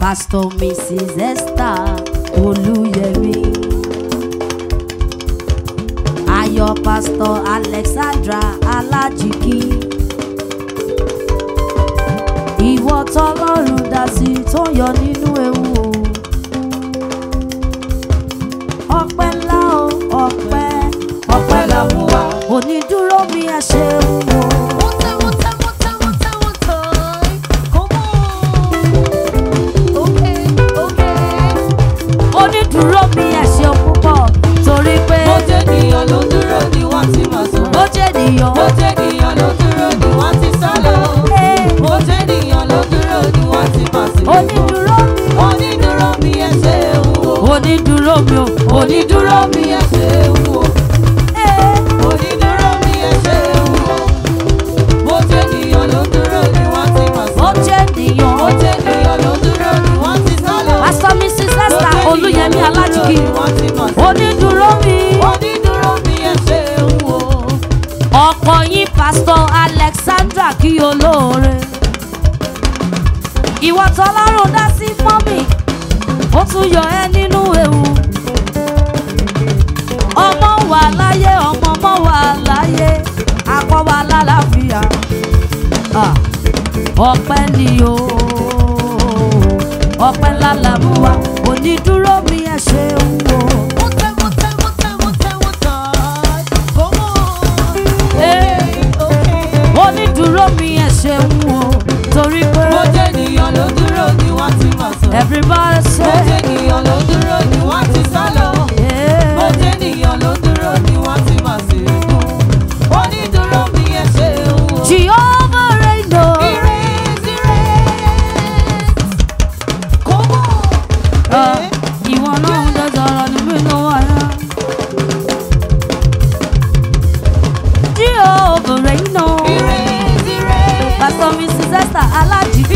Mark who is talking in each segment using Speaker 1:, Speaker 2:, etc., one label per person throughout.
Speaker 1: Pastor Mrs. Esther Olúyẹmí Ayo Pastor Alexandra Alajiki. Iwo tọ́lọ́run dasi sí tó yọ nínú ewu o ọpẹ́ ńlá o ọpẹ́ ọpẹ́ làwọn onídúró mi ẹ ṣeun o. mi o onídúró mi ẹ ṣeun o eh, onídúró mi ẹ ṣeun o mo jẹ́ ènìyàn mi sí sẹ́sà olúyẹmí alájìkì onídúró mi onídúró mi Alexandra kí olóore ìwọ tọ́lọ́run dá sí fọ́mì ó tún yọ ẹ́ nínú ewu. lálàáfíà ọpẹ́ ni o ọpẹ́ lálàbúwa onídúró mi ẹ ṣeun o. onídúró mi ẹ ṣeun o torí pé. mo jẹ́ ènìyàn ló dúró ni wọ́n ti mọ̀ sọ. everybody say. mo jẹ́ ènìyàn ló dúró ni wọ́n ti sá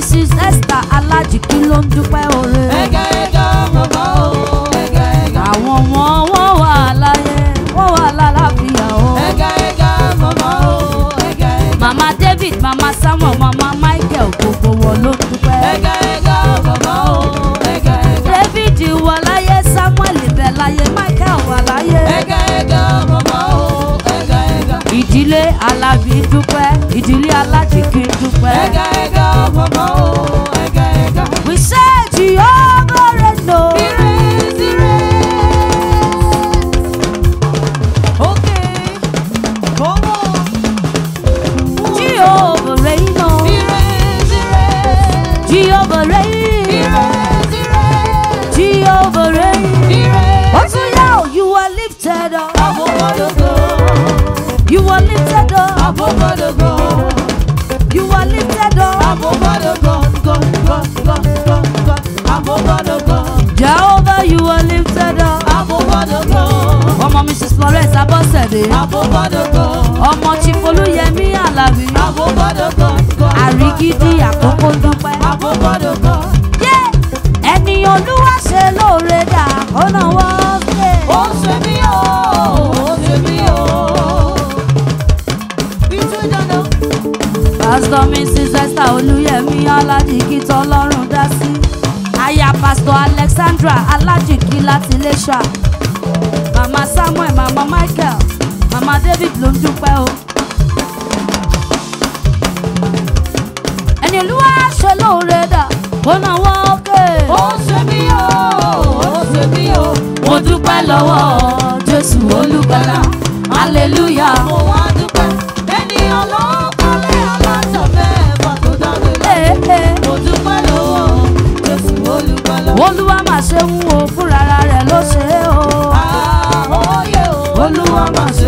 Speaker 1: Mrs Esther Alájìkí ló ń dúpẹ́ oore. ẹ̀gá ẹ̀gá màmá o ẹ̀gá ẹ̀gá. àwọn wọn wọ́n wà láyé wọ́n wà lálàáfíà o. ẹ̀gá ẹ̀gá màmá o ẹ̀gá ẹ̀gá. màmá David màmá Samuel màmá Michael gbogbo wọn ló ń dúpẹ́. ẹ̀gá ẹ̀gá màmá o ẹ̀gá ẹ̀gá. David wà láyé Samuel ibẹ̀ láyé Michael wà láyé. ẹ̀gá ẹ̀gá màmá o ẹ̀gá ẹ̀gá. ìdílé Alábí dúpẹ́ ìdílé alájì kí n dúpẹ́. ẹ̀gá ẹ̀gá ọmọ mọ́ o. àrígídí àkókò dúpẹ́. ẹni olúwa ṣe lóore dà ó náwó ṣe. ó ṣe mí o ó ṣe mí o. pásítọ̀ mrs esther olúyẹmí aládìkí tọlọ́run dá sí aya Pastor alexandra alájìkí láti iléṣà mama samuel mama michael mama david ló ń dúpẹ́ o. ó náwó òkè. ó ṣe bí o ó ṣe bí o mo dúpẹ́ lọ́wọ́ Jésù olùgbàlà aleluya mo wá dúpẹ́ ẹni ọlọ́kọ̀ọ́lẹ́ aláṣọ̀fẹ́ fàkúndánilẹ́ eh, eh. mo dúpẹ́ lọ́wọ́ Jésù olùgbàlà. olúwa mà ṣe ń wo fúnra rẹ̀ ló ṣe é o. àhóyè o olúwa mà ṣe.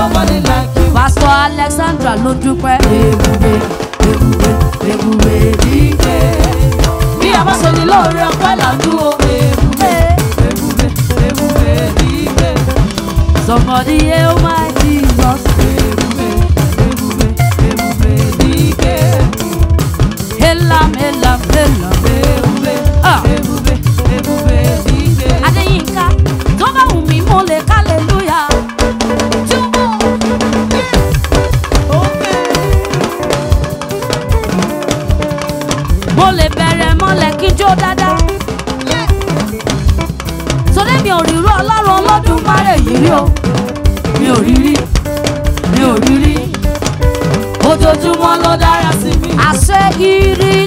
Speaker 1: nobody like you. Pastor Alexandra ló dúpẹ́. Ewúwe ewúwe ewúwe díje. Bí a bá ṣe ní lóore ọpẹ́ là ń dúró. Ewúwe ewúwe ewúwe díje. Somebody hail my Jesus. Ewúwe ewúwe ewúwe díje. Elam elam elam. Ewúwe ewúwe ewúwe díje. Adéyínká tó bá wù mí mo lè kálẹ̀ lóyè. ijó dáadáa. torí mi ò rírú ọlọ́run Olódùmarè yìí rí o mi ò rí rí mi ò rí rí ojoojúmọ́ ló dára sí mi. àṣẹ ìrì.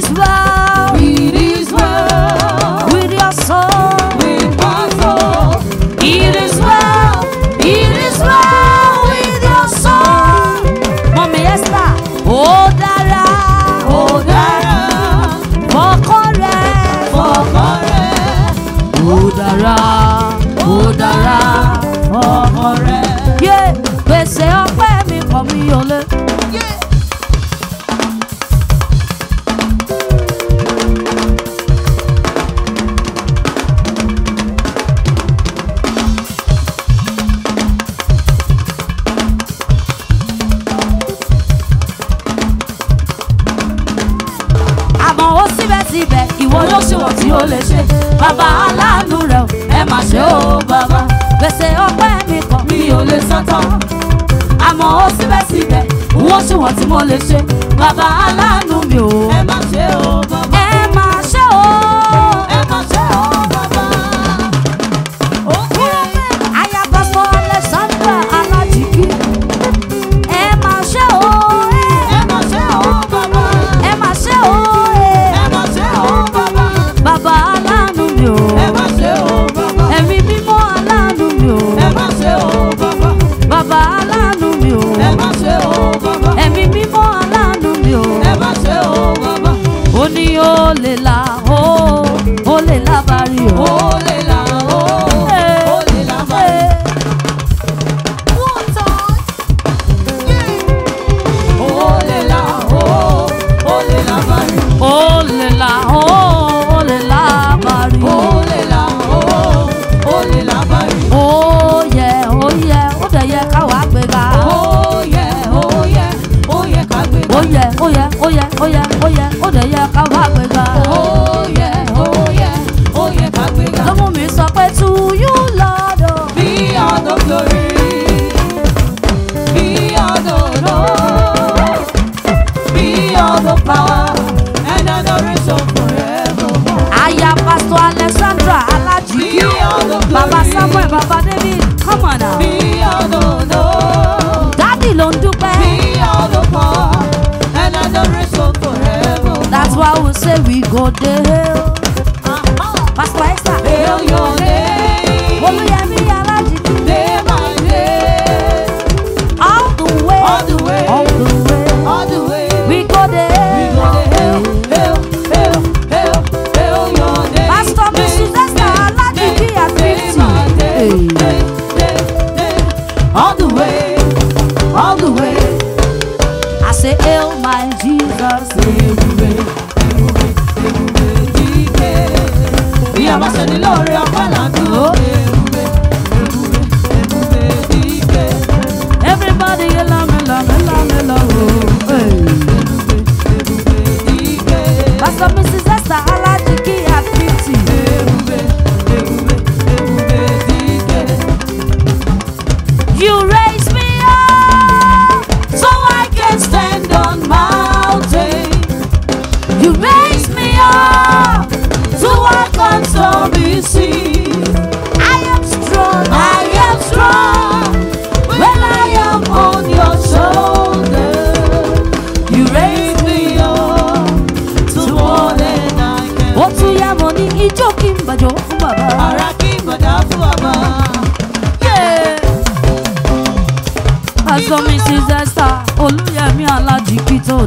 Speaker 1: the same.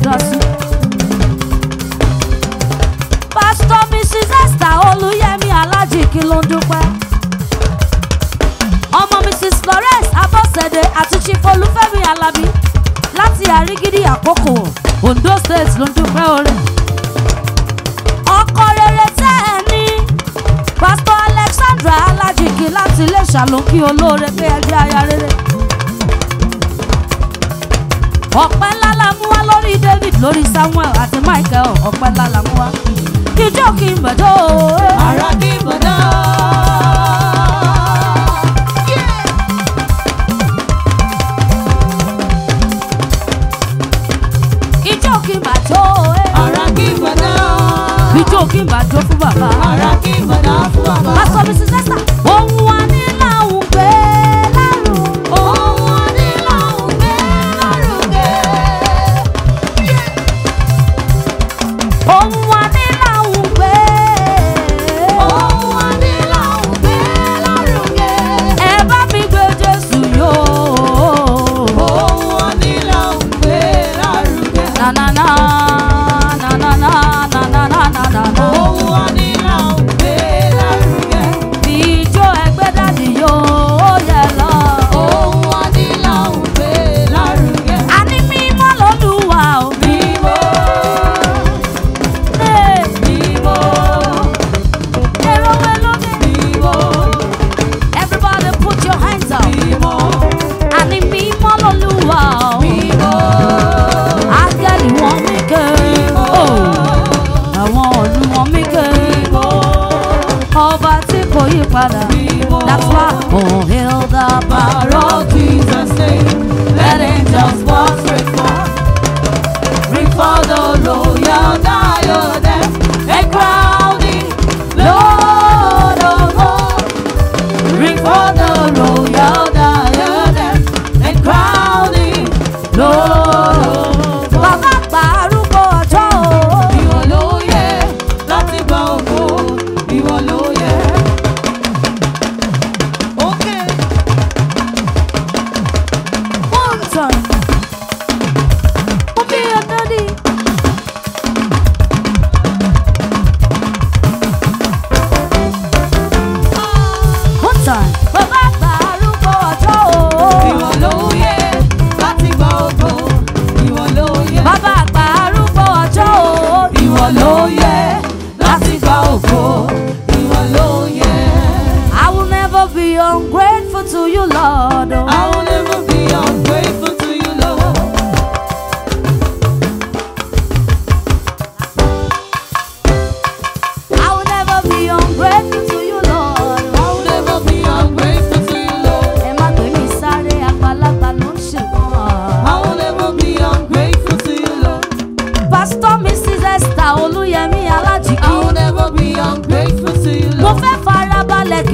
Speaker 1: kò pásítọ̀ mrs esther olúyẹmí alájì kí ló ń dúpẹ́. ọmọ mrs florence abọ́sẹ̀dé àti chief olúfẹ́mi alábí láti àrígídí àkókò ondo state ló ń dúpẹ́ oore. ọkọ rere tẹ́ ẹ ní pásítọ̀ alexandra alájì kí láti iléṣà ló kí olóore pé ẹgbẹ́ aya rere ọpẹ́ lálá mú wá lórí David lórí Samuel àti Michael ọpẹ́ lálá mú wá ijó kí n bọ̀dọ̀ ara kí n bọ̀dọ̀. ijó kí n bàjọ́ ara kí n bọ̀dọ̀. ijó kí n bàjọ́ fún bàbá ara kí n bọ̀dọ̀ fún bàbá. pásítọ̀ mi ṣiṣẹ́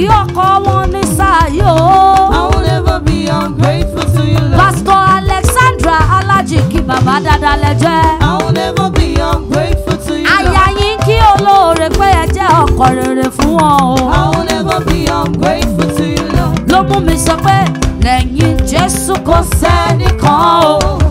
Speaker 1: kí ọkọ wọn ní sáyò. I will never be ungrateful to your love. Pastor Alexandra Alaji kí bàbá dáadáa lẹ jẹ́. I will never be ungrateful to your Aya yín kí olóore pé ẹ jẹ́ ọkọ rere fún wọn o. I will never be ungrateful to your love. Ló mú mi sọ pé lẹ́yìn Jésù kò sẹ́nìkan o. Oh.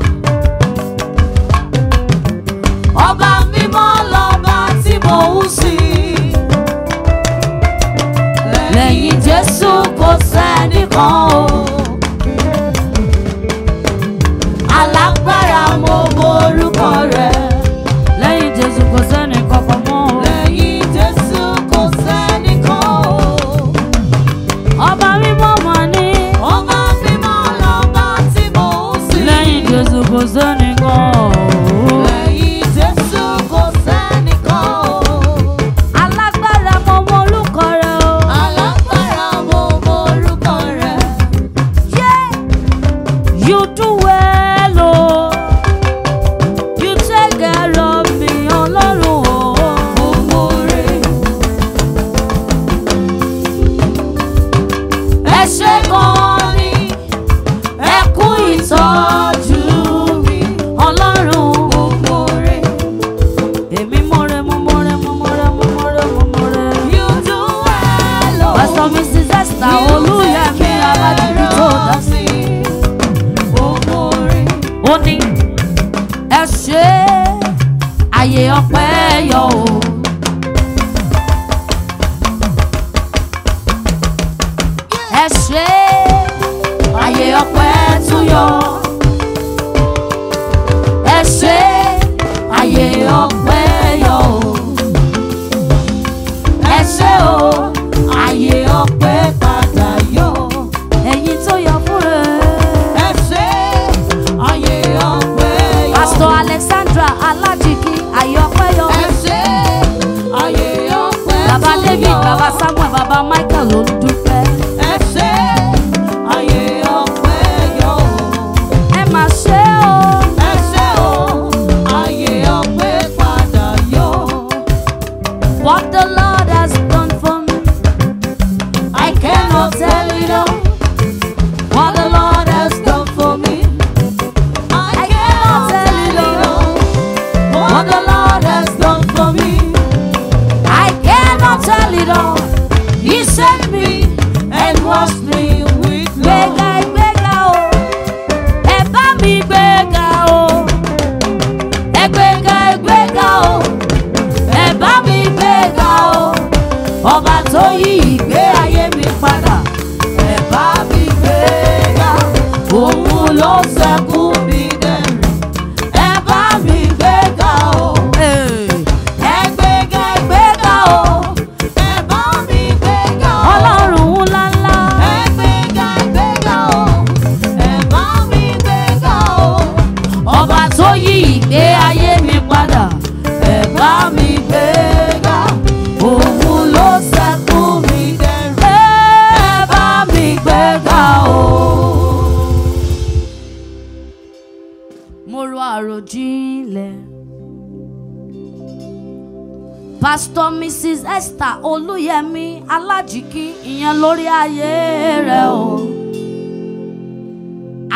Speaker 1: mrs esther olúyẹmí alájìkí ìyẹn lórí ayé rẹ o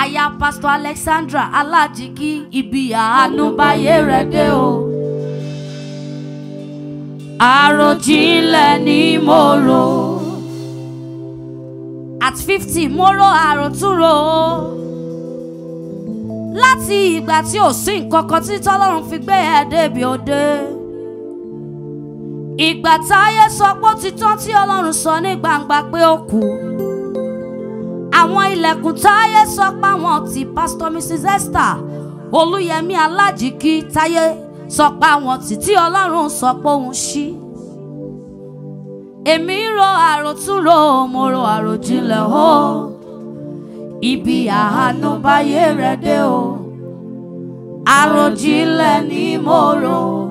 Speaker 1: aya pastor alexandra alájìkí ibi àánú báyé rẹ dé o. àròjinlẹ̀ ni mo rò at fifty mo rò àròtúrò o láti ìgbà tí ò sí nǹkan kan tí tọ́lọ́run fi gbé ẹ débi òde ìgbà táyé sọ pé ó ti tán tí ọlọ́run sọ ní gbangba pé ó kú àwọn ilẹ̀kùn táyé sọ pé àwọn ti pastor mrs esther olúyẹmí alájìkí táyé sọ pé àwọn ti tí ọlọ́run sọ pé òun ṣí èmi ro àròtúnro mo ro àròjinlẹ̀ o ibi àánú báyé rẹ̀ dé o àròjinlẹ̀ ni mo rò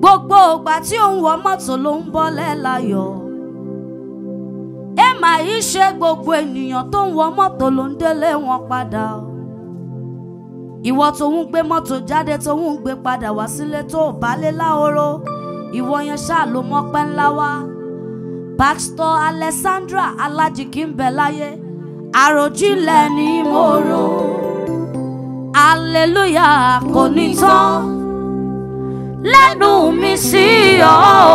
Speaker 1: gbogbo ìgbà tí òun wọ mọ́tò ló ń bọ́ lẹ́láyọ̀ ẹ mà í ṣe gbogbo ènìyàn tó ń wọ mọ́tò ló ń délé wọn padà ìwọ tòun gbé mọ́tò jáde tòun gbé padà wá sílé tó bálé láhoro ìwọ yẹn ṣáà ló mọ́pẹ́ ńlá wá pásítọ̀ Alexandra alájìkí ń bẹ láyé àròjinlẹ̀ ni mo rò hallelujah kò ní tán. lẹ́nu mi sí ọ.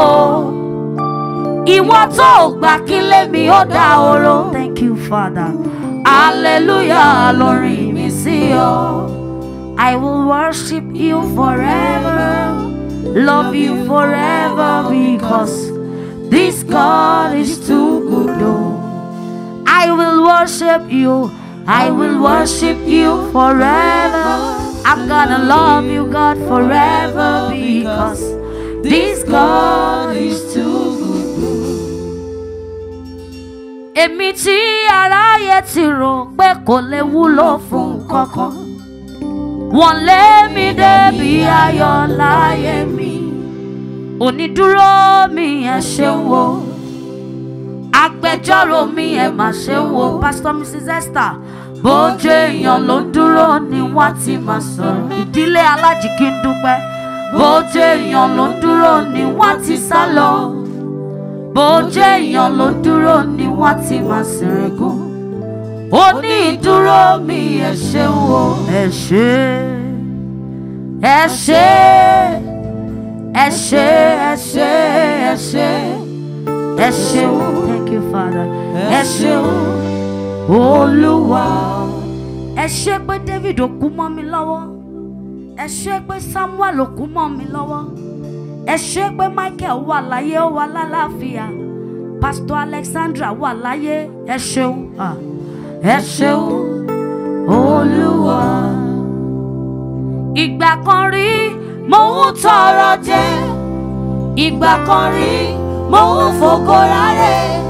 Speaker 1: Ìwọ tó gbà kí lémi ó dá oró. Thank you, Father.
Speaker 2: Hallelujah, lórí mi sí ọ.
Speaker 1: I will worship you forever, love you forever because this God is too good. Oh. I will worship you, I will worship you forever. I'm gonna love you, God, forever because this God is too good. Èmi tí aráyé ti rò pé kò lè wúlò fún kankan. Wọ́n lé mi débi ayọ̀ láyé mi. Onídúró mi ẹ ṣeun o. mi ẹ mà ṣeun Pastor Mrs. Esther bójú èèyàn ló ń dúró ni wọ́n ti máa sọ̀rọ̀ ìdílé alájìkí ń dúpẹ́ bójú èèyàn ló ń dúró ni wọ́n ti sá lọ bójú èèyàn ló ń dúró ni wọ́n ti máa sẹ̀rẹ̀gùn ó ní ìdúró mi ẹ ṣeun o ẹ ṣe ẹ ṣe ẹ ṣe ẹ ṣe ẹ ṣe ẹ ṣeun thank you father ẹ ṣeun olúwa ẹ ṣé pé David ò kú mọ́ mi lọ́wọ́ ẹ ṣé pé Samuel ò kú mọ́ mi lọ́wọ́ ẹ ṣé pé Michael wà láyé ó wà lálàáfíà Pastor Alexandra wà láyé ẹ ṣeun ẹ ṣeun olúwa. ìgbà kan rí mo ń tọrọ jẹ ìgbà kan rí mo ń fòkó rárẹ̀.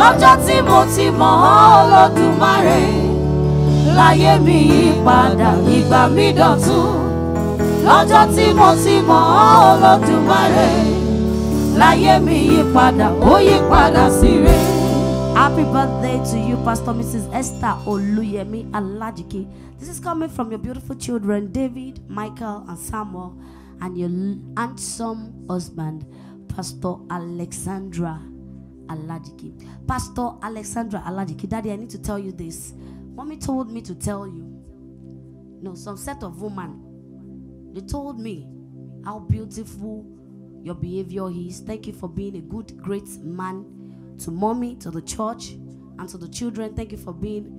Speaker 1: lọ́jọ́ tí mo ti mọ̀ ọ́ Olódùmarè láyé mi yí padà ìgbà mi dọ̀tun lọ́jọ́ tí mo ti mọ̀ ọ́ láyé mi padà ó yí padà sí rẹ̀. Happy birthday to you, Pastor Mrs. Esther Oluyemi Alajiki. This is coming from your beautiful children, David, Michael, and Samuel, and your handsome husband, Pastor Alexandra Aladiki. Pastor Alexandra Aladiki. Daddy, I need to tell you this. Mommy told me to tell you. No, some set of woman. They told me how beautiful your behavior is. Thank you for being a good, great man to mommy, to the church, and to the children. Thank you for being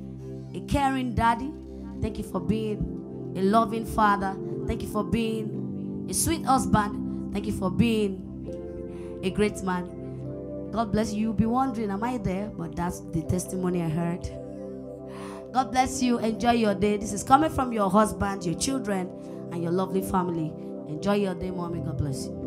Speaker 1: a caring daddy. Thank you for being a loving father. Thank you for being a sweet husband. Thank you for being a great man. God bless you. You'll be wondering, am I there? But that's the testimony I heard. God bless you. Enjoy your day. This is coming from your husband, your children, and your lovely family. Enjoy your day, mommy. God bless you.